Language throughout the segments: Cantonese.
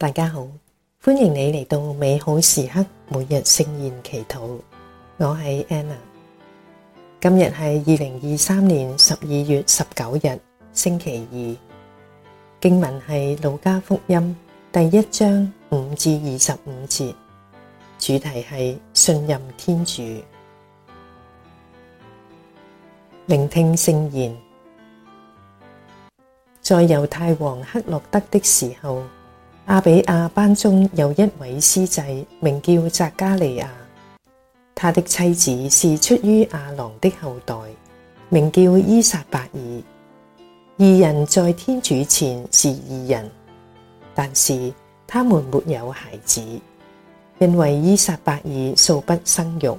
大家好，歡迎你嚟到美好時刻每日聖言祈禱，我係 Anna。今日係二零二三年十二月十九日星期二，經文係《路加福音》第一章五至二十五節，主題係信任天主。聆聽聖言，在猶太王黑落德的時候。阿彼雅班中有一位司祭，名叫匝加利亞，他的妻子是出於亞郎的後代，名叫依撒伯爾。二人在天主前是義人，但是他們沒有孩子，因為依撒伯爾素不生育，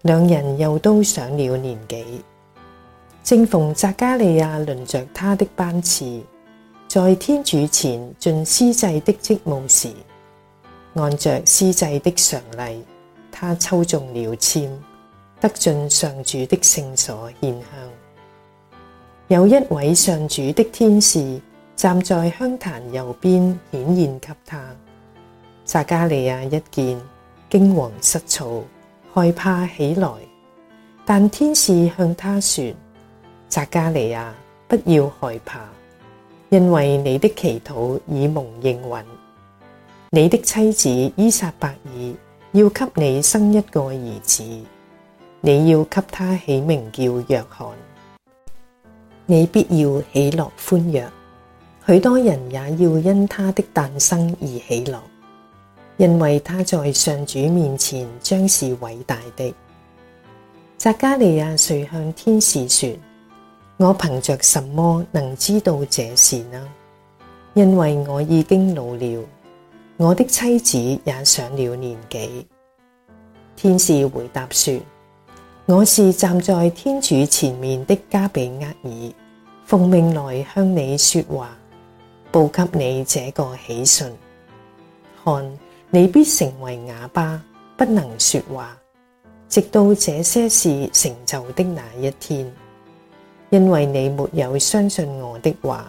兩人又都上了年紀。正逢匝加利亞輪着他的班次。在天主前盡司祭的職務時，按着司祭的常例，他抽中了籤，得進上主的聖所獻香。有一位上主的天使站在香壇右邊顯現給他，匝加利亞一見驚惶失措，害怕起來。但天使向他說：匝加利亞，不要害怕。因為你的祈禱已蒙應允，你的妻子依撒伯爾要給你生一個兒子，你要給他起名叫若翰。你必要喜樂歡躍，許多人也要因他的誕生而喜樂，因為他在上主面前將是偉大的。匝加利亞遂向天使說。我憑着什麼能知道這事呢？因為我已經老了，我的妻子也上了年紀。天使回答說：我是站在天主前面的加俾額爾，奉命來向你說話，報給你這個喜訊。看，你必成為啞巴，不能說話，直到這些事成就的那一天。因為你沒有相信我的話，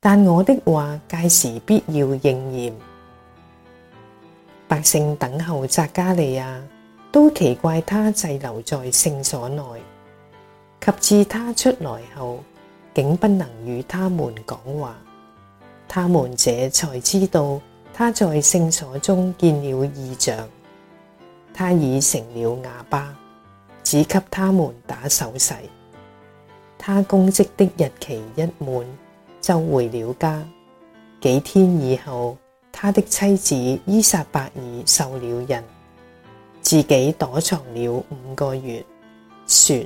但我的話屆時必要應驗。百姓等候匝加利亞，都奇怪他滯留在聖所內，及至他出來後，竟不能與他們講話。他們這才知道他在聖所中見了異象，他已成了啞巴，只給他們打手勢。他供職的日期一滿，就回了家。幾天以後，他的妻子依撒伯爾受了孕，自己躲藏了五個月，說：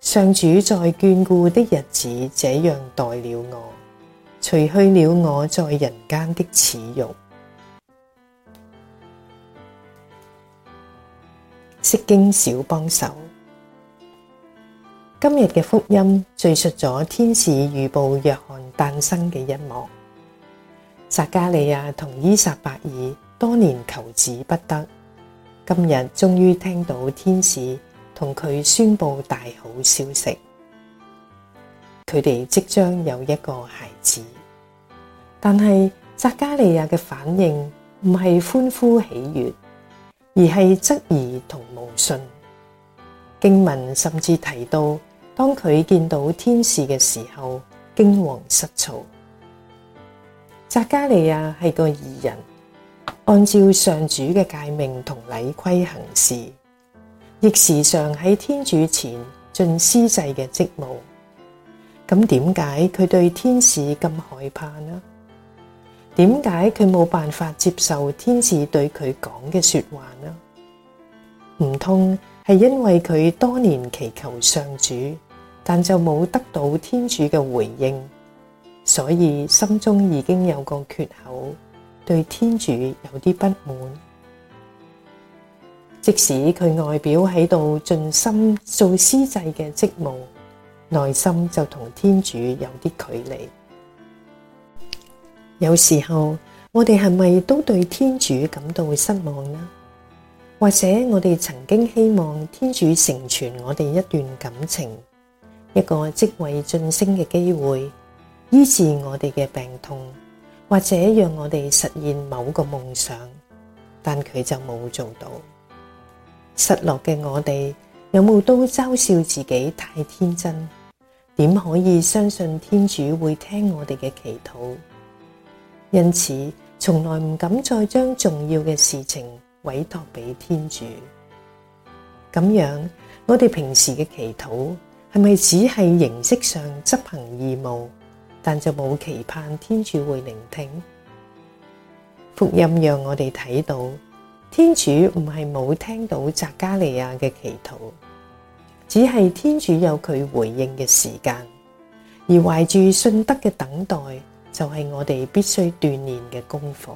上主在眷顧的日子，這樣待了我，除去了我在人間的恥辱。釋經小幫手。今日嘅福音敘述咗天使預報若翰誕生嘅一幕。匝加利亞同依撒伯爾多年求子不得，今日終於聽到天使同佢宣佈大好消息，佢哋即將有一個孩子。但係匝加利亞嘅反應唔係歡呼喜悅，而係質疑同無信。經文甚至提到。當佢見到天使嘅時候，驚惶失措。匝加利亞係個義人，按照上主嘅誡命同禮規行事，亦時常喺天主前盡司祭嘅職務。咁點解佢對天使咁害怕呢？點解佢冇辦法接受天使對佢講嘅說話呢？唔通係因為佢多年祈求上主，但就冇得到天主嘅回應，所以心中已經有個缺口，對天主有啲不滿。即使佢外表喺度盡心做司祭嘅職務，內心就同天主有啲距離。有時候我哋係咪都對天主感到失望呢？或者我哋曾經希望天主成全我哋一段感情，一個職位晉升嘅機會，醫治我哋嘅病痛，或者讓我哋實現某個夢想，但佢就冇做到。失落嘅我哋有冇都嘲笑自己太天真？點可以相信天主會聽我哋嘅祈禱？因此，從來唔敢再將重要嘅事情委託俾天主。咁樣，我哋平時嘅祈禱，係咪只係形式上執行義務，但就冇期盼天主會聆聽？福音讓我哋睇到，天主唔係冇聽到匝加利亞嘅祈禱，只係天主有佢回應嘅時間。而懷住信德嘅等待，就係我哋必須鍛煉嘅功課。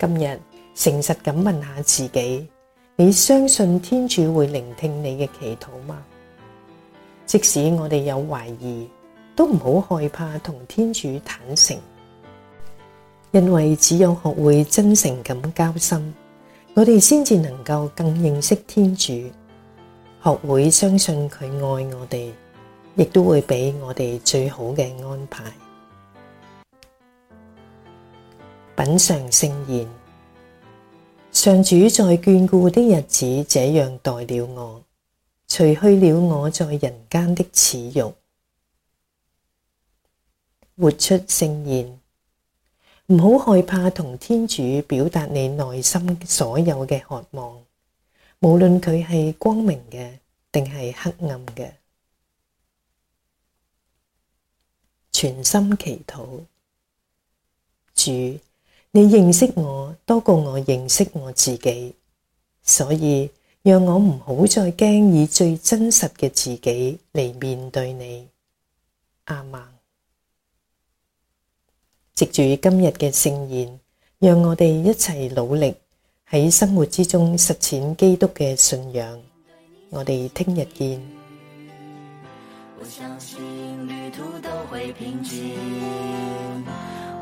今日誠實咁問下自己。你相信天主會聆聽你嘅祈禱嗎？即使我哋有懷疑，都唔好害怕同天主坦誠，因為只有學會真誠咁交心，我哋先至能夠更認識天主，學會相信佢愛我哋，亦都會俾我哋最好嘅安排。品嘗聖言。上主在眷顧的日子，這樣待了我，除去了我在人間的恥辱。活出聖言。唔好害怕同天主表達你內心所有嘅渴望，無論佢係光明嘅，定係黑暗嘅。全心祈禱，主。你認識我多過我認識我自己，所以讓我唔好再驚以最真實嘅自己嚟面對你。阿們，藉住今日嘅聖言，讓我哋一齊努力喺生活之中實踐基督嘅信仰。我哋聽日見。